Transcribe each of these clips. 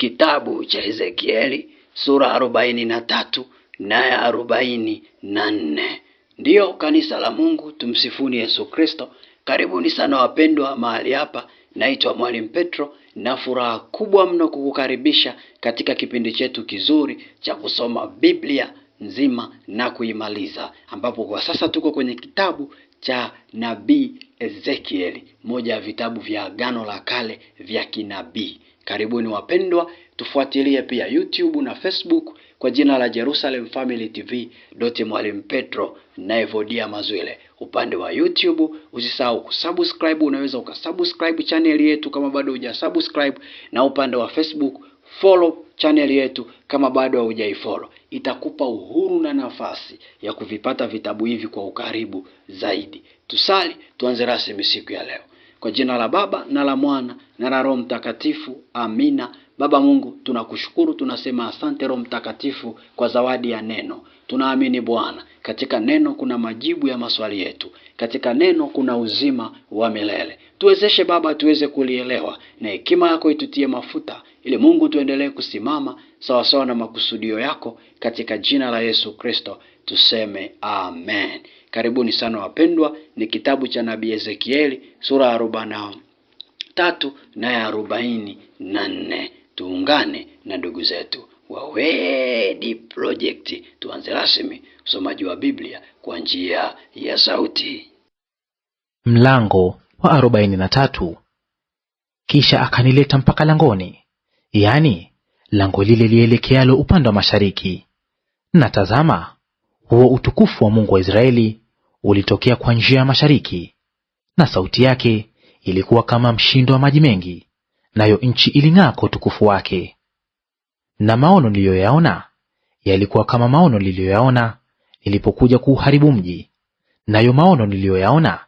kitabu cha Ezekieli sura arobaini na tatu naya arobaini na nne. Ndiyo kanisa la Mungu, tumsifuni Yesu Kristo. Karibuni sana wapendwa mahali hapa. Naitwa Mwalimu Petro na furaha kubwa mno kukukaribisha katika kipindi chetu kizuri cha kusoma Biblia nzima na kuimaliza, ambapo kwa sasa tuko kwenye kitabu cha nabii Ezekieli, moja ya vitabu vya Agano la Kale vya kinabii. Karibuni wapendwa, tufuatilie pia YouTube na Facebook kwa jina la Jerusalem Family TV doti Mwalimu Petro na Evodia Mazwile. Upande wa YouTube usisahau kusubscribe, unaweza ukasubscribe chaneli yetu kama bado hujasubscribe, na upande wa Facebook follow channel yetu kama bado haujaifollow. Itakupa uhuru na nafasi ya kuvipata vitabu hivi kwa ukaribu zaidi. Tusali, tuanze rasmi siku ya leo. Kwa jina la Baba na la Mwana na la Roho Mtakatifu, amina. Baba Mungu, tunakushukuru, tunasema asante Roho Mtakatifu kwa zawadi ya neno. Tunaamini Bwana, katika neno kuna majibu ya maswali yetu, katika neno kuna uzima wa milele. Tuwezeshe Baba, tuweze kulielewa na hekima yako itutie mafuta ili Mungu tuendelee kusimama sawasawa na makusudio yako katika jina la Yesu Kristo tuseme amen. Karibuni sana wapendwa, ni kitabu cha nabii Ezekieli sura ya arobaini na tatu na ya arobaini na nne. Tuungane na ndugu zetu Wawedi Project tuanze rasmi usomaji wa Biblia kwa njia ya sauti. Mlango wa arobaini na tatu. Kisha akanileta mpaka langoni yaani lango lile lielekealo upande wa mashariki. Na tazama, huo utukufu wa Mungu wa Israeli ulitokea kwa njia ya mashariki, na sauti yake ilikuwa kama mshindo wa maji mengi, nayo nchi iling'aa kwa utukufu wake. Na maono niliyoyaona yalikuwa kama maono niliyoyaona nilipokuja kuuharibu mji, nayo maono niliyoyaona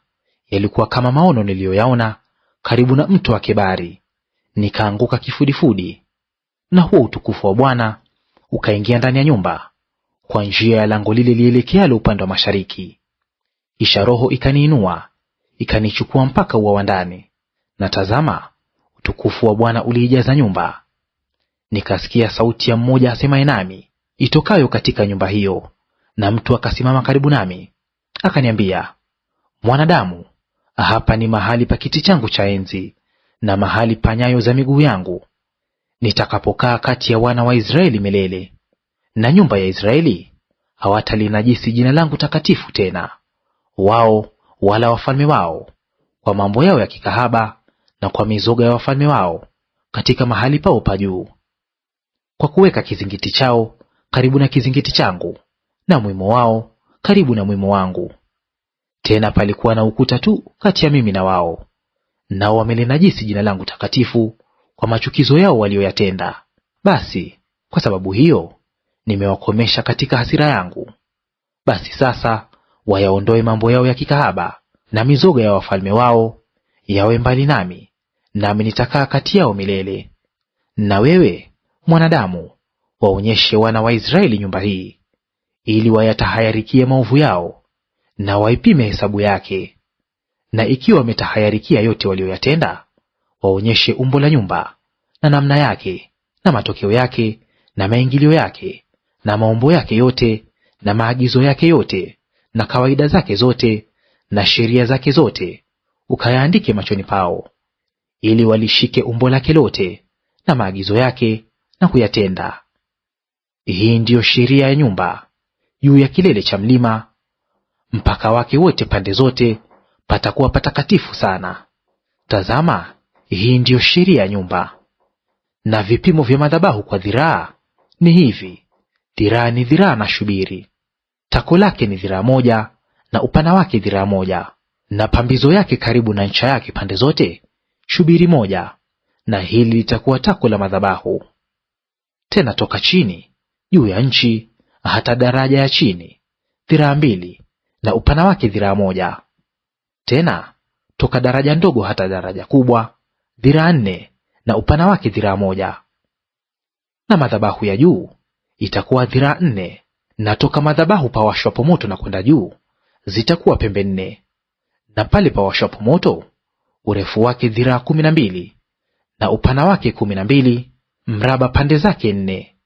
yalikuwa kama maono niliyoyaona karibu na mto wa Kebari nikaanguka kifudifudi, na huo utukufu wa Bwana ukaingia ndani ya nyumba kwa njia ya lango lile lielekealo upande wa mashariki. Kisha Roho ikaniinua ikanichukua mpaka ua wa ndani, na tazama, utukufu wa Bwana uliijaza nyumba. Nikasikia sauti ya mmoja asemaye nami itokayo katika nyumba hiyo, na mtu akasimama karibu nami akaniambia, mwanadamu, hapa ni mahali pa kiti changu cha enzi na mahali pa nyayo za miguu yangu, nitakapokaa kati ya wana wa Israeli milele. Na nyumba ya Israeli hawatalinajisi jina langu takatifu tena, wao wala wafalme wao, kwa mambo yao ya kikahaba na kwa mizoga ya wafalme wao katika mahali pao pa juu, kwa kuweka kizingiti chao karibu na kizingiti changu, na mwimo wao karibu na mwimo wangu. Tena palikuwa na ukuta tu kati ya mimi na wao, nao wamelinajisi jina langu takatifu kwa machukizo yao walioyatenda. Basi kwa sababu hiyo nimewakomesha katika hasira yangu. Basi sasa wayaondoe mambo yao ya kikahaba na mizoga ya wafalme wao yawe mbali nami, nami nitakaa kati yao milele. Na wewe mwanadamu, waonyeshe wana wa Israeli nyumba hii, ili wayatahayarikie maovu yao na waipime hesabu yake, na ikiwa wametahayarikia yote walioyatenda, waonyeshe umbo la nyumba na namna yake na matokeo yake na maingilio yake na maumbo yake yote na maagizo yake yote na kawaida zake zote na sheria zake zote, ukayaandike machoni pao, ili walishike umbo lake lote na maagizo yake na kuyatenda. Hii ndiyo sheria ya nyumba juu ya kilele cha mlima, mpaka wake wote pande zote patakuwa patakatifu sana. Tazama, hii ndiyo sheria ya nyumba. Na vipimo vya madhabahu kwa dhiraa ni hivi: dhiraa ni dhiraa na shubiri. Tako lake ni dhiraa moja na upana wake dhiraa moja, na pambizo yake karibu na ncha yake pande zote shubiri moja, na hili litakuwa tako la madhabahu. Tena toka chini juu ya nchi hata daraja ya chini dhiraa mbili na upana wake dhiraa moja tena toka daraja ndogo hata daraja kubwa dhiraa nne na upana wake dhiraa moja na madhabahu ya juu itakuwa dhiraa nne na toka madhabahu pawashwapo moto na kwenda juu zitakuwa pembe nne na pale pawashwapo moto urefu wake dhiraa kumi na mbili na upana wake kumi na mbili mraba pande zake nne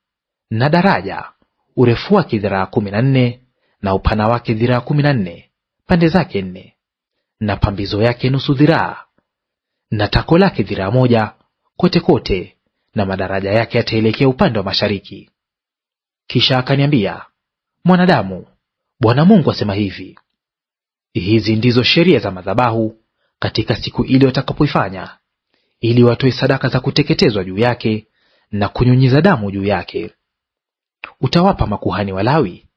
na daraja urefu wake dhiraa kumi na nne na upana wake dhiraa kumi na nne pande zake nne na pambizo yake nusu dhiraa na tako lake dhiraa moja kote kote, na madaraja yake yataelekea upande wa mashariki. Kisha akaniambia, Mwanadamu, Bwana Mungu asema hivi, hizi ndizo sheria za madhabahu katika siku ile watakapoifanya, ili watoe sadaka za kuteketezwa juu yake na kunyunyiza damu juu yake. Utawapa makuhani Walawi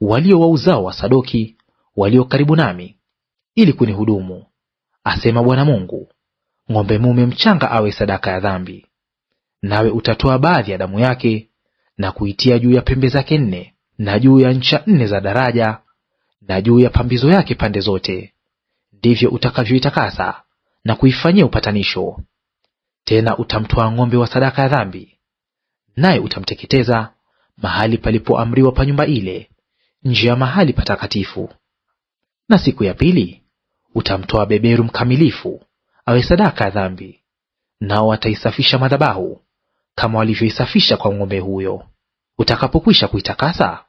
walio wa uzao wa Sadoki walio karibu nami ili kunihudumu, asema Bwana Mungu. Ng'ombe mume mchanga awe sadaka ya dhambi. Nawe utatoa baadhi ya damu yake na kuitia juu ya pembe zake nne na juu ya ncha nne za daraja na juu ya pambizo yake pande zote; ndivyo utakavyoitakasa na kuifanyia upatanisho. Tena utamtoa ng'ombe wa sadaka ya dhambi, naye utamteketeza mahali palipoamriwa pa nyumba ile, nje ya mahali patakatifu. Na siku ya pili Utamtoa beberu mkamilifu awe sadaka ya dhambi, nao wataisafisha madhabahu kama walivyoisafisha kwa ng'ombe huyo. Utakapokwisha kuitakasa,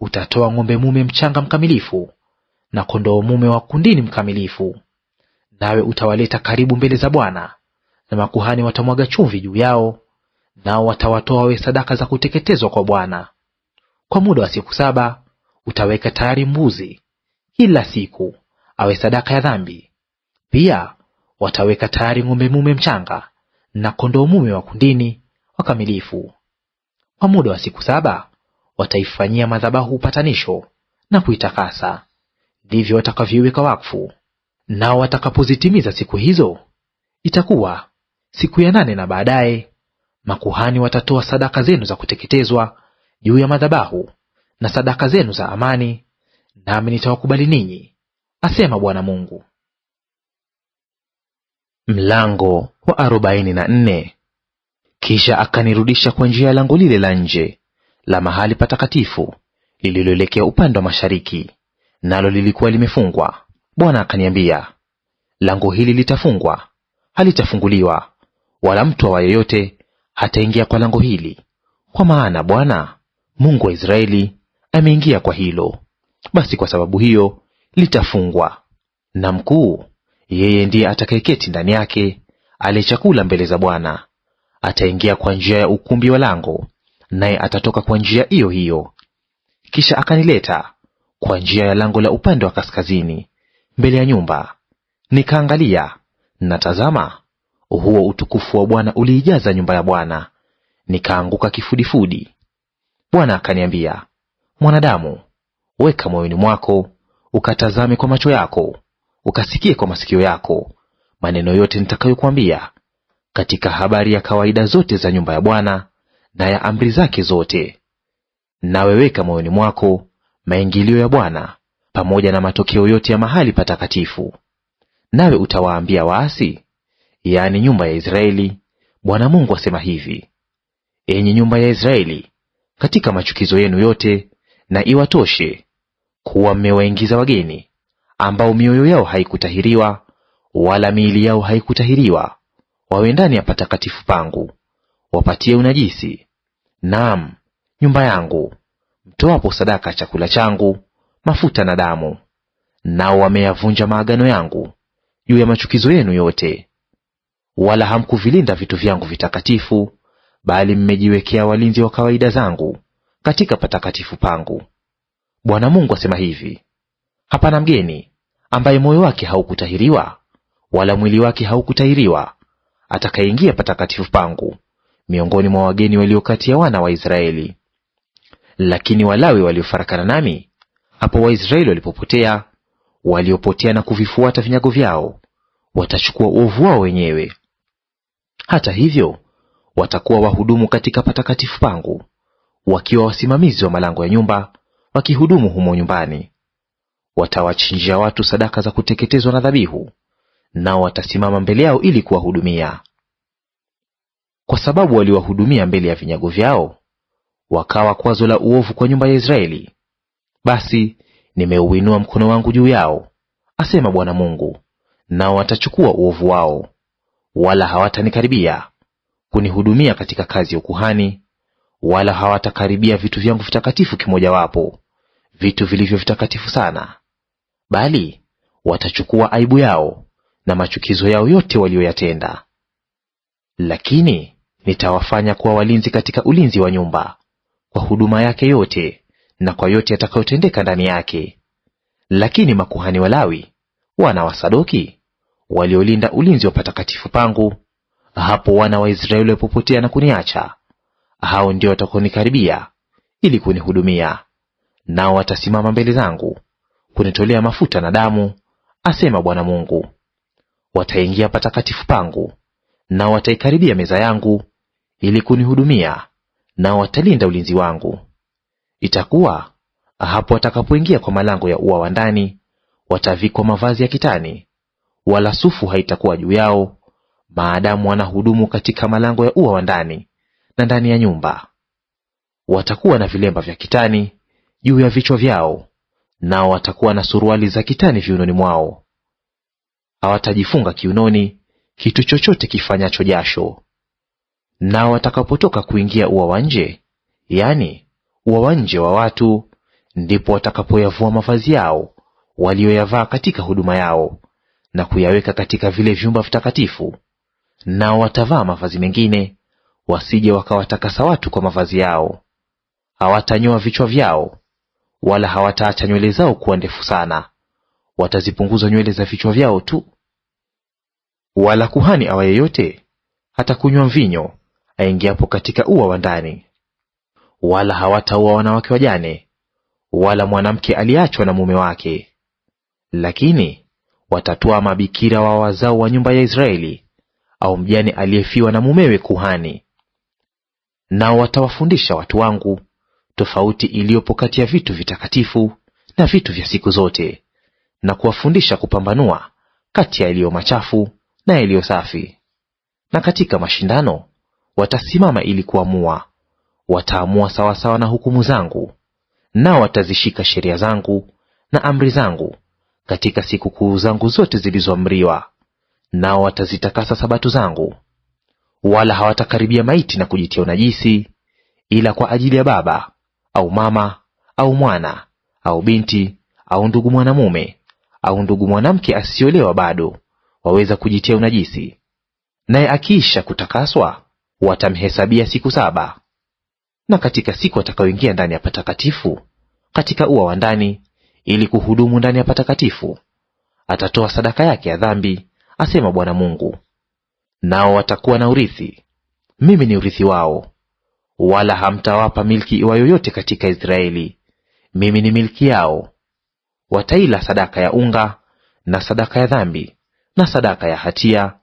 utatoa ng'ombe mume mchanga mkamilifu na kondoo mume wa kundini mkamilifu, nawe utawaleta karibu mbele za Bwana, na makuhani watamwaga chumvi juu yao, nao watawatoa wawe sadaka za kuteketezwa kwa Bwana. Kwa muda wa siku saba utaweka tayari mbuzi kila siku awe sadaka ya dhambi. Pia wataweka tayari ng'ombe mume mchanga na kondoo mume wa kundini wakamilifu. Kwa muda wa siku saba wataifanyia madhabahu upatanisho na kuitakasa; ndivyo watakavyoiweka wakfu. Nao watakapozitimiza siku hizo, itakuwa siku ya nane na baadaye, makuhani watatoa sadaka zenu za kuteketezwa juu ya madhabahu na sadaka zenu za amani, nami nitawakubali ninyi asema Bwana Mungu. Mlango wa arobaini na nne. Kisha akanirudisha kwa njia ya lango lile la nje la mahali patakatifu lililoelekea upande wa mashariki, nalo lilikuwa limefungwa. Bwana akaniambia, lango hili litafungwa, halitafunguliwa, wala mtu awa yeyote hataingia kwa lango hili, kwa maana Bwana Mungu wa Israeli ameingia kwa hilo. Basi kwa sababu hiyo litafungwa, na mkuu, yeye ndiye atakayeketi ndani yake, ale chakula mbele za Bwana. Ataingia kwa njia ya ukumbi wa lango, naye atatoka kwa njia hiyo hiyo. Kisha akanileta kwa njia ya lango la upande wa kaskazini mbele ya nyumba, nikaangalia, natazama, huo utukufu wa Bwana uliijaza nyumba ya Bwana, nikaanguka kifudifudi. Bwana akaniambia, mwanadamu, weka moyoni mwako ukatazame kwa macho yako, ukasikie kwa masikio yako maneno yote nitakayokuambia katika habari ya kawaida zote za nyumba ya Bwana na ya amri zake zote. naweweka moyoni mwako maingilio ya Bwana pamoja na matokeo yote ya mahali patakatifu. Nawe utawaambia waasi, yaani nyumba ya Israeli, Bwana Mungu asema hivi: Enyi nyumba ya Israeli, katika machukizo yenu yote na iwatoshe kuwa mmewaingiza wageni, ambao mioyo yao haikutahiriwa wala miili yao haikutahiriwa, wawe ndani ya patakatifu pangu, wapatie unajisi, naam nyumba yangu, mtoapo sadaka chakula changu, mafuta na damu. Nao wameyavunja maagano yangu juu ya machukizo yenu yote, wala hamkuvilinda vitu vyangu vitakatifu, bali mmejiwekea walinzi wa kawaida zangu katika patakatifu pangu. Bwana Mungu asema hivi, hapana mgeni ambaye moyo wake haukutahiriwa wala mwili wake haukutahiriwa atakayeingia patakatifu pangu miongoni mwa wageni walio kati ya wana wa Israeli. Lakini Walawi waliofarakana nami hapo Waisraeli walipopotea, waliopotea na kuvifuata vinyago vyao, watachukua uovu wao wenyewe. Hata hivyo, watakuwa wahudumu katika patakatifu pangu, wakiwa wasimamizi wa malango ya nyumba wakihudumu humo nyumbani. Watawachinjia watu sadaka za kuteketezwa na dhabihu, nao watasimama mbele yao ili kuwahudumia. Kwa sababu waliwahudumia mbele ya vinyago vyao, wakawa kwazo la uovu kwa nyumba ya Israeli, basi nimeuinua mkono wangu juu yao, asema Bwana Mungu, nao watachukua uovu wao, wala hawatanikaribia kunihudumia katika kazi ya ukuhani wala hawatakaribia vitu vyangu vitakatifu kimojawapo, vitu vilivyo vitakatifu sana, bali watachukua aibu yao na machukizo yao yote waliyoyatenda. Lakini nitawafanya kuwa walinzi katika ulinzi wa nyumba, kwa huduma yake yote na kwa yote yatakayotendeka ndani yake. Lakini makuhani Walawi, wana wa Sadoki, waliolinda ulinzi wa patakatifu pangu, hapo wana wa Israeli walipopotea na kuniacha hao ndio watakaonikaribia ili kunihudumia, nao watasimama mbele zangu kunitolea mafuta na damu, asema Bwana Mungu. Wataingia patakatifu pangu, nao wataikaribia meza yangu ili kunihudumia, nao watalinda ulinzi wangu. Itakuwa hapo watakapoingia kwa malango ya ua wa ndani, watavikwa mavazi ya kitani, wala sufu haitakuwa juu yao, maadamu wanahudumu katika malango ya ua wa ndani na ndani ya nyumba. Watakuwa na vilemba vya kitani juu ya vichwa vyao, nao watakuwa na suruali za kitani viunoni mwao. Hawatajifunga kiunoni kitu chochote kifanyacho jasho. Nao watakapotoka kuingia ua wa nje, yani ua wa nje wa watu, ndipo watakapoyavua mavazi yao walioyavaa katika huduma yao na kuyaweka katika vile vyumba vitakatifu, nao watavaa mavazi mengine wasije wakawatakasa watu kwa mavazi yao. Hawatanyoa vichwa vyao, wala hawataacha nywele zao kuwa ndefu sana; watazipunguza nywele za vichwa vyao tu. Wala kuhani awa yeyote hata kunywa mvinyo aingiapo katika ua wa ndani. Wala hawataua wanawake wajane, wala mwanamke aliyeachwa na mume wake. Lakini watatoa mabikira wa wazao wa nyumba ya Israeli, au mjane aliyefiwa na mumewe kuhani, nao watawafundisha watu wangu tofauti iliyopo kati ya vitu vitakatifu na vitu vya siku zote, na kuwafundisha kupambanua kati ya yaliyo machafu na yaliyo safi. Na katika mashindano watasimama ili kuamua; wataamua sawasawa na hukumu zangu, nao watazishika sheria zangu na amri zangu katika sikukuu zangu zote zilizoamriwa, nao watazitakasa sabato zangu wala hawatakaribia maiti na kujitia unajisi, ila kwa ajili ya baba au mama au mwana au binti au ndugu mwanamume au ndugu mwanamke asiolewa bado, waweza kujitia unajisi. Naye akiisha kutakaswa, watamhesabia siku saba. Na katika siku atakayoingia ndani ya patakatifu katika ua wa ndani ili kuhudumu ndani ya patakatifu, atatoa sadaka yake ya dhambi, asema Bwana Mungu nao watakuwa na urithi; mimi ni urithi wao. Wala hamtawapa milki iwa yoyote katika Israeli; mimi ni milki yao. Wataila sadaka ya unga na sadaka ya dhambi na sadaka ya hatia,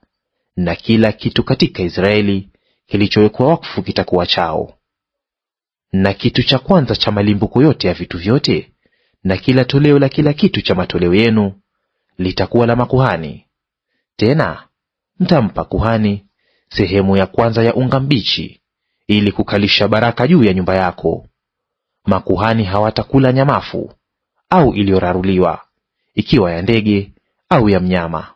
na kila kitu katika Israeli kilichowekwa wakfu kitakuwa chao. Na kitu cha kwanza cha malimbuko yote ya vitu vyote na kila toleo la kila kitu cha matoleo yenu litakuwa la makuhani. Tena mtampa kuhani sehemu ya kwanza ya unga mbichi, ili kukalisha baraka juu ya nyumba yako. Makuhani hawatakula nyamafu au iliyoraruliwa, ikiwa ya ndege au ya mnyama.